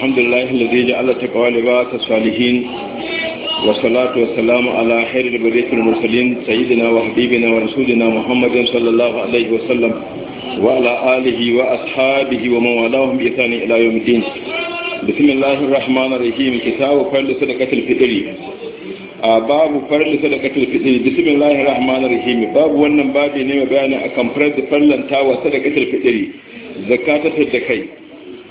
الحمد لله الذي جعل التقوى لباس الصالحين والصلاة والسلام على خير البرية المرسلين سيدنا وحبيبنا ورسولنا محمد صلى الله عليه وسلم وعلى آله وأصحابه ومن والاهم بإحسان إلى يوم الدين بسم الله الرحمن الرحيم كتاب فرد صدقة الفطر باب فرد صدقة الفطر بسم الله الرحمن الرحيم باب wannan babi ne mai bayani akan farz farlanta wa sadaqatul fitri zakata da kai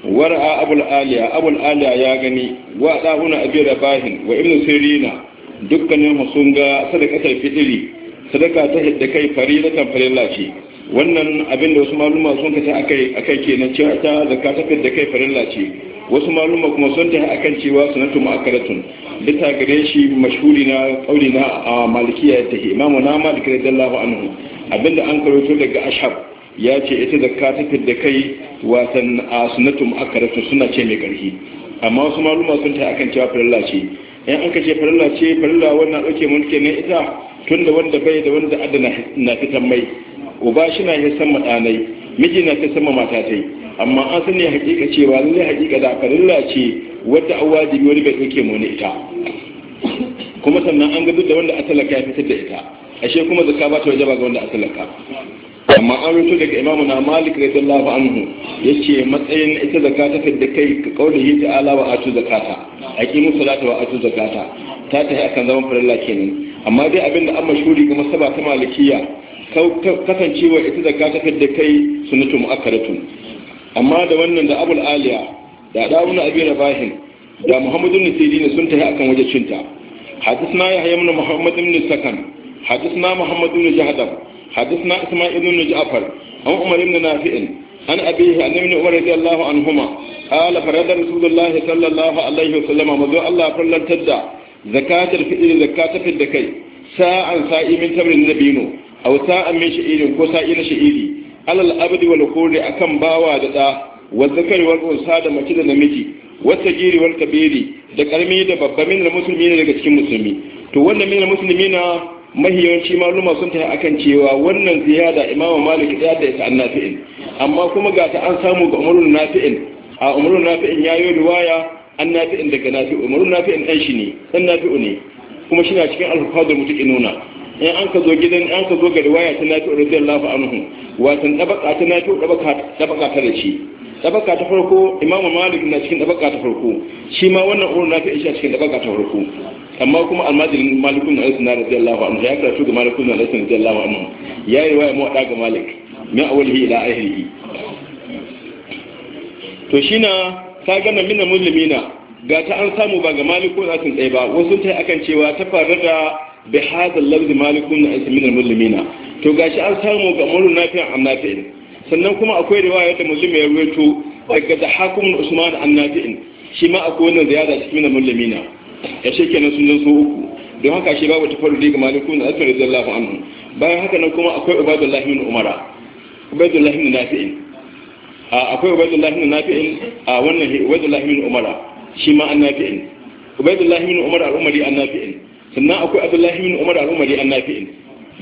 wara abul aliya abul aliya ya gani wa dahuna abi rabahin wa ibnu sirina dukkanin sun ga sadaqatul fitri sadaka ta hidda kai fari na farilla ce wannan abin da wasu maluma sun kace akai akai kenan cewa ta zakka ta hidda kai farilla ce wasu maluma kuma sun ta akan cewa sunatu mu'akkaratun bita gare shi mashhuri na kauli na malikiya ta imamu na malik radiyallahu anhu abinda an karanto daga ashab ya ce ita ka ta da kai watan a aka rasu suna ce mai ƙarfi amma wasu maluma sun ta akan cewa farilla ce in an ka ce farilla ce farilla wannan ɗauke mun kenan ita tun da wanda bai da wanda adda na fitan mai uba shi na hisan maɗanai miji na fitan sama mata tai amma an sani hakika cewa lallai hakika da farilla ce wadda an wajibi wani bai ɗauke mu ita kuma sannan an ga duk da wanda a ya fitar da ita ashe kuma zakka ba ta ba ga wanda a amma an rito daga imamu na malik radiyallahu anhu ce matsayin ita zakata ta da kai ka kaula yi ta'ala wa atu zakata aqimu salata wa atu zakata ta tafi akan zaman farilla kenan amma dai abin da an mashuri ga masaba ta malikiya kasancewa ita zakata ta da kai sunnatu mu'akkadatun amma da wannan da abul aliya da dawuna abi rabahin da muhammadun ne sun tafi akan wajen cinta حدثنا يحيى بن محمد بن السكن حدثنا محمد بن جهدم حدثنا إسماعيل بن جعفر عن عمر بن نافع عن أبيه عن ابن عمر رضي الله عنهما قال فرد رسول الله صلى الله عليه وسلم مذو الله فلن تدع زكاة الفئر زكاة في الدكي ساعة ساعي من تمر النبين أو ساعة من شئير كو ساعي شئيري على الأبد والخور أكم باوا دتا والذكر والأنسى دا مكيدا نمجي والتجير والكبير دا كرمي دا ببا من المسلمين لكتك المسلمين to wannan mina musulmi na mahiyanci maluma sun ta akan cewa wannan ziyada imam malik ya da ita annafi'in amma kuma ga ta an samu ga umarun nafi'in a umarun nafi'in ya yi riwaya an nafi'in daga nafi'u umarun nafi'in ɗan shi ne ɗan nafi'u ne kuma shi na cikin alfafadar mutuƙi nuna in an ka zo gidan an ka zo ga riwaya ta nafi'u radiyallahu anhu watan tabaka ta nafi'u tabaka ta da shi tabaka ta farko imam malik na cikin tabaka ta farko shi ma wannan umarun nafi'in shi na cikin tabaka ta farko amma kuma almajirin malikun na alisa na radiyallahu anhu ya karatu ga malikun na alisa radiyallahu anhu ya yi waya mawaɗa ga malik min awalhi ila ahlihi to shi na ta gana mina musulmina ga ta an samu ba ga malikun na alisa ɗaya ba wasu ta akan cewa ta faru da bi hadal lafzi malikun na alisa mina to gashi an samu ga murun nafi'an annafi'in sannan kuma akwai riwaya da muslim ya to, daga da hakumin usman annafi'in shi ma akwai wannan ziyara cikin mina musulmina ya ce kenan sun zan so uku don haka shi babu da ga malikun da alfin lafi anhu bayan haka nan kuma akwai ubadullahi lahimin umara ubadullahi lahimin nafi'in akwai ubadullahi lahimin nafi'in a wannan ubadullahi lahimin umara shi ma an nafi'in ubadullahi lahimin umara al'umari an nafi'in sannan akwai abin lahimin umara al'umari an nafi'in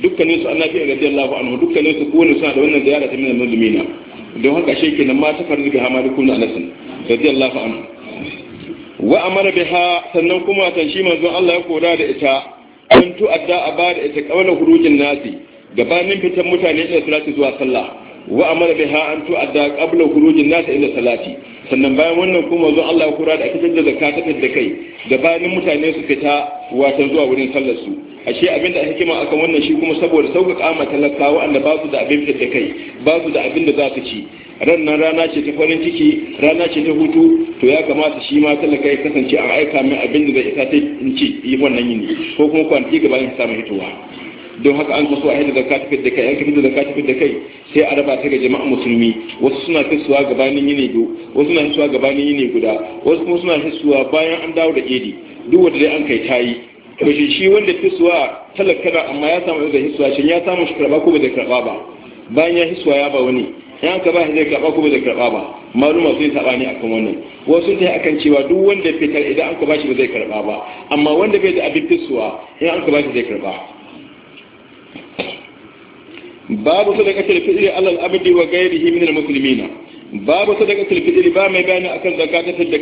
dukkanin su an nafi'in lafi anhu dukkanin su kowane suna da wannan ziyara ta min al-mazmina don haka shi kenan ma da ga malikun da alfin lafi anhu wa amara biha sannan kuma ta shi manzon Allah ya kora da ita an tu'adda a ba da ita kawala hurujin nasi gabanin fitan mutane ina salati zuwa sallah wa amara biha an tu'adda qabla hurujin nasi ila salati sannan bayan wannan kuma manzon Allah ya kora da ita da zakata da kai gabanin mutane su fita watan zuwa wurin sallar su ashe abin da hikima akan wannan shi kuma saboda sauƙaƙa ma talakawa wanda ba su da abin da kai ba su da abin da za su ci rannan rana ce ta farin ciki rana ce ta hutu to ya kamata shi ma talaka ya kasance an aika min abin da zai isa ta in ci yi wannan yini ko kuma kwanaki gaba ya samu hitowa don haka an kaso a hidda da ta da kai an fidda da katifin da kai sai a raba ta ga jama'a musulmi wasu suna hissuwa gabanin yini do wasu suna hissuwa gabanin yini guda wasu kuma suna hissuwa bayan an dawo da edi duk wanda dai an kai tayi to shi shi wanda hissuwa talaka amma ya samu da hissuwa shin ya samu shi karba ko bai da karba ba bayan ya hissuwa ya ba wani in ka ba zai karba ko zai karba ba maluma sun sabani akan wannan wasu ta akan cewa duk wanda fitar idan an ba shi ba zai karba ba amma wanda bai da abin fisuwa in an ba shi zai karba babu sadaqatul fitri alal abdi wa ghairihi min al musulmina. babu sadaqatul fitri ba mai bayani akan zakatar da kai